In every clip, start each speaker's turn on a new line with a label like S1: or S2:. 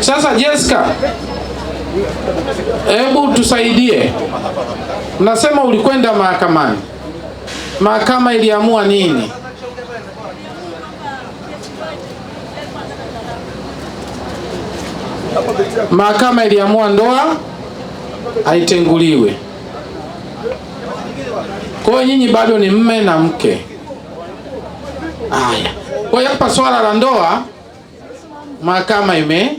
S1: Sasa Jessica, hebu tusaidie, nasema ulikwenda mahakamani, mahakama iliamua nini? Mahakama iliamua ndoa aitenguliwe. Kwa hiyo nyinyi bado ni mme na mke. Haya, kwa hiyo hapa swala la ndoa mahakama ime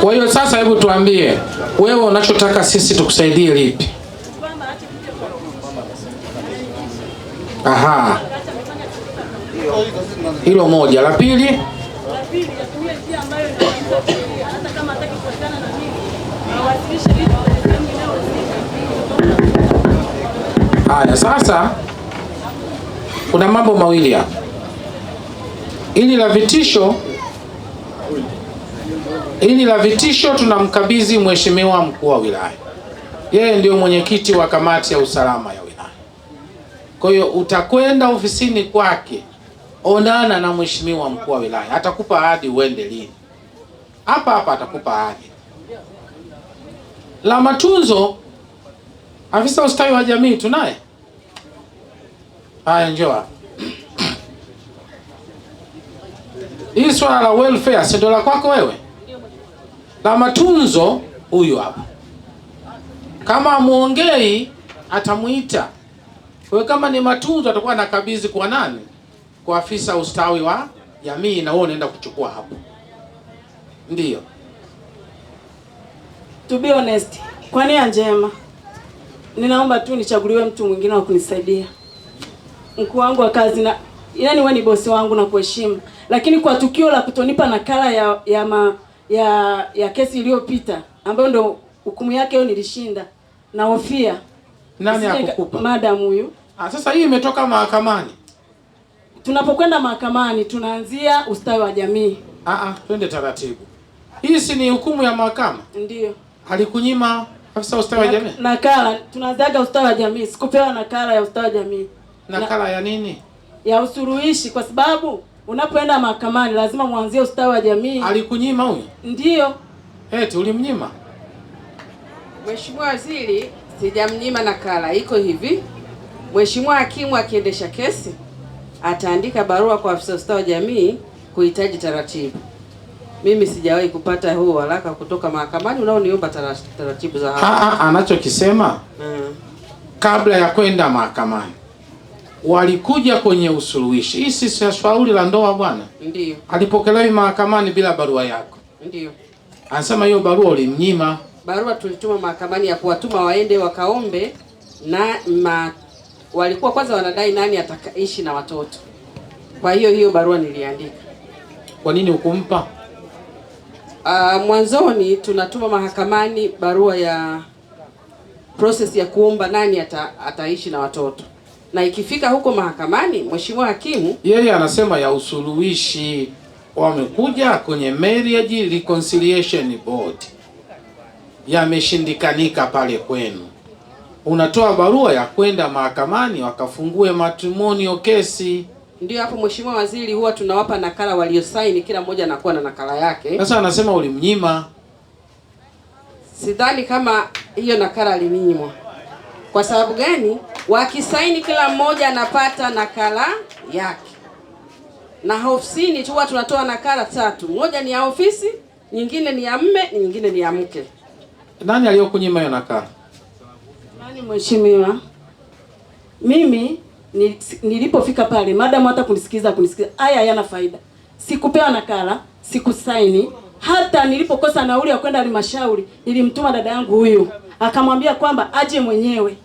S1: Kwa hiyo sasa, hebu tuambie wewe, unachotaka sisi tukusaidie lipi? Aha, hilo moja. La pili haya sasa kuna mambo mawili hapa, ili la vitisho, ili la vitisho tunamkabidhi mheshimiwa mkuu wa wilaya, yeye ndio mwenyekiti wa kamati ya usalama ya wilaya. Kwa hiyo utakwenda ofisini kwake, onana na mheshimiwa mkuu wa wilaya, atakupa ahadi uende lini, hapa hapa atakupa ahadi. La matunzo, afisa ustawi wa jamii tunaye Haya, njoa hii swala la welfare, si ndo la kwako wewe la matunzo? Huyu hapa kama amuongei atamuita kwa kama ni matunzo atakuwa anakabidhi kwa nani? Kwa afisa ustawi wa jamii, na wewe unaenda kuchukua hapo. Ndio,
S2: to be honest, kwa nia njema ninaomba tu nichaguliwe mtu mwingine wa kunisaidia mkuu wangu wa kazi na yani wewe ni bosi wangu na kuheshimu, lakini kwa tukio la kutonipa nakala ya ya ma, ya, ya kesi iliyopita ambayo ndo hukumu yake hiyo nilishinda na hofia
S1: nani akukupa
S2: madam huyu.
S1: Ah, sasa hii imetoka mahakamani.
S2: Tunapokwenda mahakamani tunaanzia ustawi wa jamii.
S1: Ah ah, twende taratibu. Hii si ni hukumu ya mahakama? Ndio. Halikunyima afisa ustawi wa jamii?
S2: Nakala tunaanzaga ustawi wa jamii, sikupewa nakala ya ustawi wa jamii
S1: nakala ya nini
S2: ya usuluhishi, kwa sababu unapoenda mahakamani lazima mwanzie ustawi wa jamii.
S1: Alikunyima huyu? Ndio. Eti eh, ulimnyima?
S2: Mheshimiwa Waziri, sijamnyima nakala, iko hivi. Mheshimiwa hakimu akiendesha kesi ataandika barua kwa afisa ustawi wa jamii kuhitaji taratibu. Mimi sijawahi kupata huo waraka kutoka mahakamani unaoniomba taratibu za
S1: hapo. Ah, ah, anachokisema mm, kabla ya kwenda mahakamani walikuja kwenye usuluhishi. Hii si shauri la ndoa bwana, ndio alipokelewi mahakamani bila barua yako, ndio anasema hiyo barua ulimnyima.
S2: Barua tulituma mahakamani ya kuwatuma waende wakaombe na ma, walikuwa kwanza wanadai nani atakaishi na watoto. Kwa hiyo hiyo barua niliandika.
S1: Kwa nini hukumpa?
S2: Uh, mwanzoni tunatuma mahakamani barua ya process ya kuomba nani ata, ataishi na watoto na ikifika huko mahakamani, mheshimiwa hakimu
S1: yeye anasema ya usuluhishi. Wamekuja kwenye marriage reconciliation board, yameshindikanika pale kwenu, unatoa barua ya kwenda mahakamani wakafungue matrimonio kesi.
S2: Ndio hapo mheshimiwa waziri, huwa tunawapa nakala waliosaini, kila mmoja anakuwa na nakala yake.
S1: Sasa anasema ulimnyima.
S2: Sidhani kama hiyo nakala alinyimwa. Kwa sababu gani? Wakisaini kila mmoja anapata nakala yake, na ofisini tu tunatoa nakala tatu, moja ni ya ofisi, nyingine ni ya mme, nyingine ni ya mke.
S1: Nani aliyokunyima hiyo nakala?
S2: Nani mheshimiwa? Mimi nilipofika pale, madamu hata kunisikiza kunisikiza, haya hayana faida, sikupewa nakala, sikusaini hata nilipokosa nauli ya kwenda halmashauri nilimtuma dada yangu huyu, akamwambia kwamba aje mwenyewe.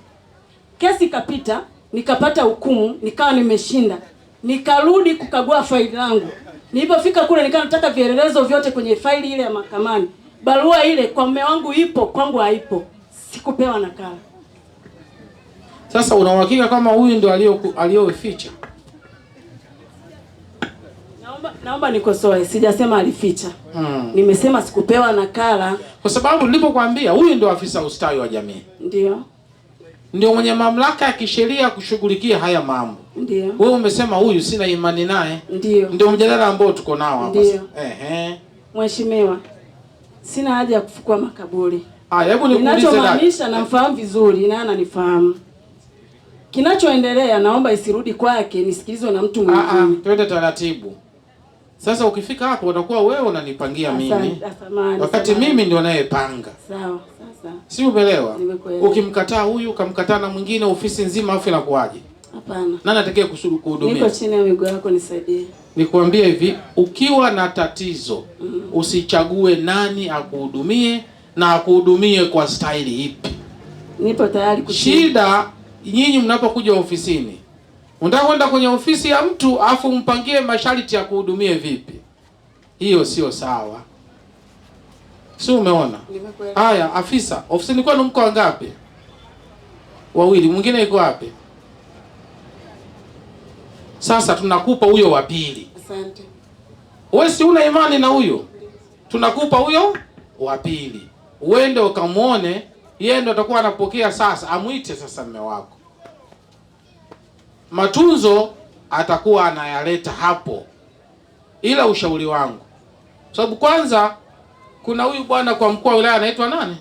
S2: Kesi ikapita, nikapata hukumu, nikawa nimeshinda. Nikarudi kukagua faili langu. Nilipofika kule nikawa nataka vielelezo vyote kwenye faili ile ya mahakamani. Barua ile kwa mume wangu ipo, kwangu haipo. Sikupewa nakala.
S1: Sasa una uhakika kama huyu ndo aliyoficha?
S2: Naomba, naomba nikosoe, sijasema alificha. Hmm. Nimesema sikupewa nakala,
S1: kwa sababu nilipokuambia huyu ndio afisa ustawi wa jamii. Ndio ndio mwenye mamlaka ya kisheria kushughulikia haya mambo. Ndio wewe umesema huyu sina imani naye, ndio ndio mjadala ambao tuko nao
S2: hapa. Ehe, mheshimiwa, sina haja ya kufukua makaburi.
S1: Haya, hebu nikuulize,
S2: ninachomaanisha namfahamu vizuri na ananifahamu kinachoendelea naomba isirudi kwake, nisikilizwe na mtu
S1: mwingine. Ah, ah, twende taratibu. Sasa ukifika hapo, utakuwa wewe unanipangia mimi, wakati mimi ndio nayepanga. Sawa si umeelewa? Ukimkataa huyu ukamkataa na mwingine, ofisi nzima afu inakuaje? Hapana, nani atakaye kusudi kuhudumia?
S2: Niko chini ya miguu yako, nisaidie.
S1: Nikwambie hivi, ukiwa na tatizo mm -hmm. usichague nani akuhudumie na akuhudumie kwa staili ipi.
S2: Nipo tayari
S1: kutii. Shida nyinyi mnapokuja ofisini, unataka kwenda kwenye ofisi ya mtu afu mpangie masharti ya kuhudumie vipi? Hiyo sio sawa si umeona? Haya, afisa ofisini kwenu mko wangapi? Wawili, mwingine yuko wapi? Sasa tunakupa huyo wa pili. Asante. Wewe si una imani na huyo, tunakupa huyo wa pili, uende ukamwone yeye, ndo atakuwa anapokea. Sasa amwite sasa mme wako, matunzo atakuwa anayaleta hapo, ila ushauri wangu, sababu kwanza kuna huyu bwana kwa mkuu wa wilaya anaitwa nani?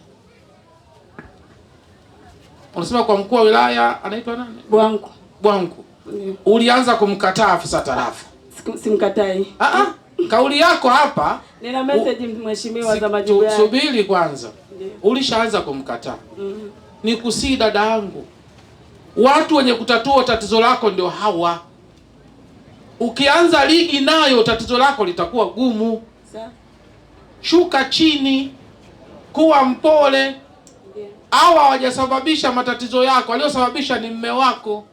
S1: Unasema kwa mkuu wa wilaya anaitwa nani? Bwangu. Bwangu. Ulianza kumkataa afisa tarafa.
S2: Simkatai.
S1: Ah ah. Kauli yako hapa
S2: nina message mheshimiwa za majibu yako.
S1: Subiri kwanza. Ulishaanza kumkataa. Mm -hmm. Nikusii dada yangu. Watu wenye kutatua tatizo lako ndio hawa. Ukianza ligi nayo tatizo lako litakuwa gumu. Sa shuka chini, kuwa mpole. Hawa hawajasababisha matatizo yako, aliosababisha ni mme wako.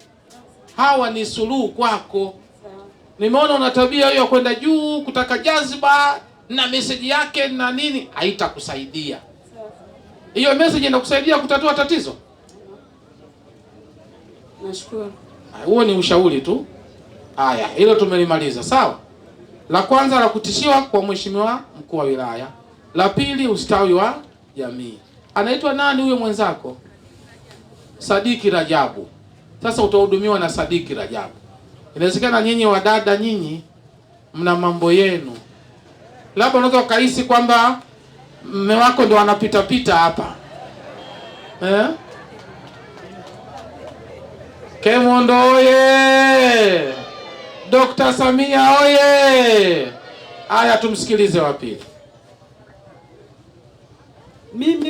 S1: Hawa ni suluhu kwako. Nimeona una tabia hiyo kwenda juu, kutaka jaziba na meseji yake na nini, haitakusaidia hiyo meseji. Inakusaidia kutatua tatizo? Nashukuru. Huo ni ushauri tu. Haya, hilo tumelimaliza, sawa. La kwanza la kutishiwa kwa mheshimiwa mkuu wa wilaya, la pili ustawi wa jamii. Anaitwa nani huyo mwenzako? Sadiki Rajabu. Sasa utahudumiwa na Sadiki Rajabu. Inawezekana nyinyi wadada, nyinyi mna mambo yenu, labda unaweza ukahisi kwamba mme wako ndo anapita pita hapa eh? Kemondo oye! Dkt. Samia oye! Haya, tumsikilize wa pili.